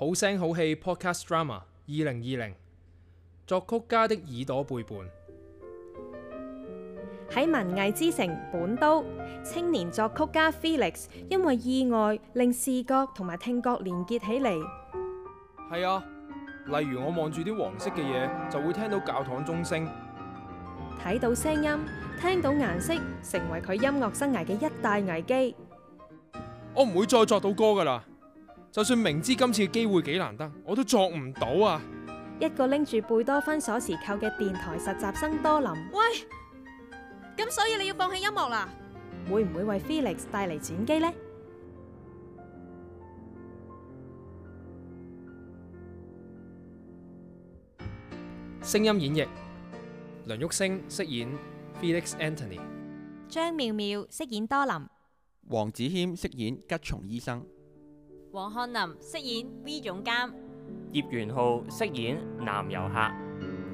好聲好氣 Podcast Drama 二零二零，作曲家的耳朵背叛。喺文藝之城本都，青年作曲家 Felix 因為意外令視覺同埋聽覺連結起嚟。係啊，例如我望住啲黃色嘅嘢，就會聽到教堂鐘聲。睇到聲音，聽到顏色，成為佢音樂生涯嘅一大危機。我唔會再作到歌噶啦。就算明知今次嘅機會幾難得，我都作唔到啊！一個拎住貝多芬鎖匙扣嘅電台實習生多琳，喂，咁所以你要放棄音樂啦？會唔會為 Felix 帶嚟轉機呢？聲音演繹：梁煜星飾演 Felix Anthony，張妙妙飾演多琳，黃子謙飾演吉松醫生。黃翰淋飾演 V 總監，葉元顥飾演男遊客，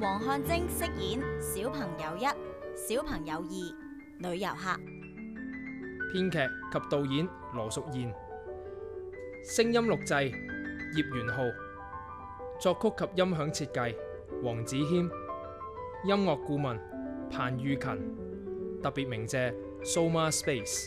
黃翰貞飾演小朋友一、小朋友二、女遊客。編劇及導演羅淑燕，聲音錄製葉元顥，作曲及音響設計黃子謙，音樂顧問彭譽芹，特別鳴謝 Soma Space。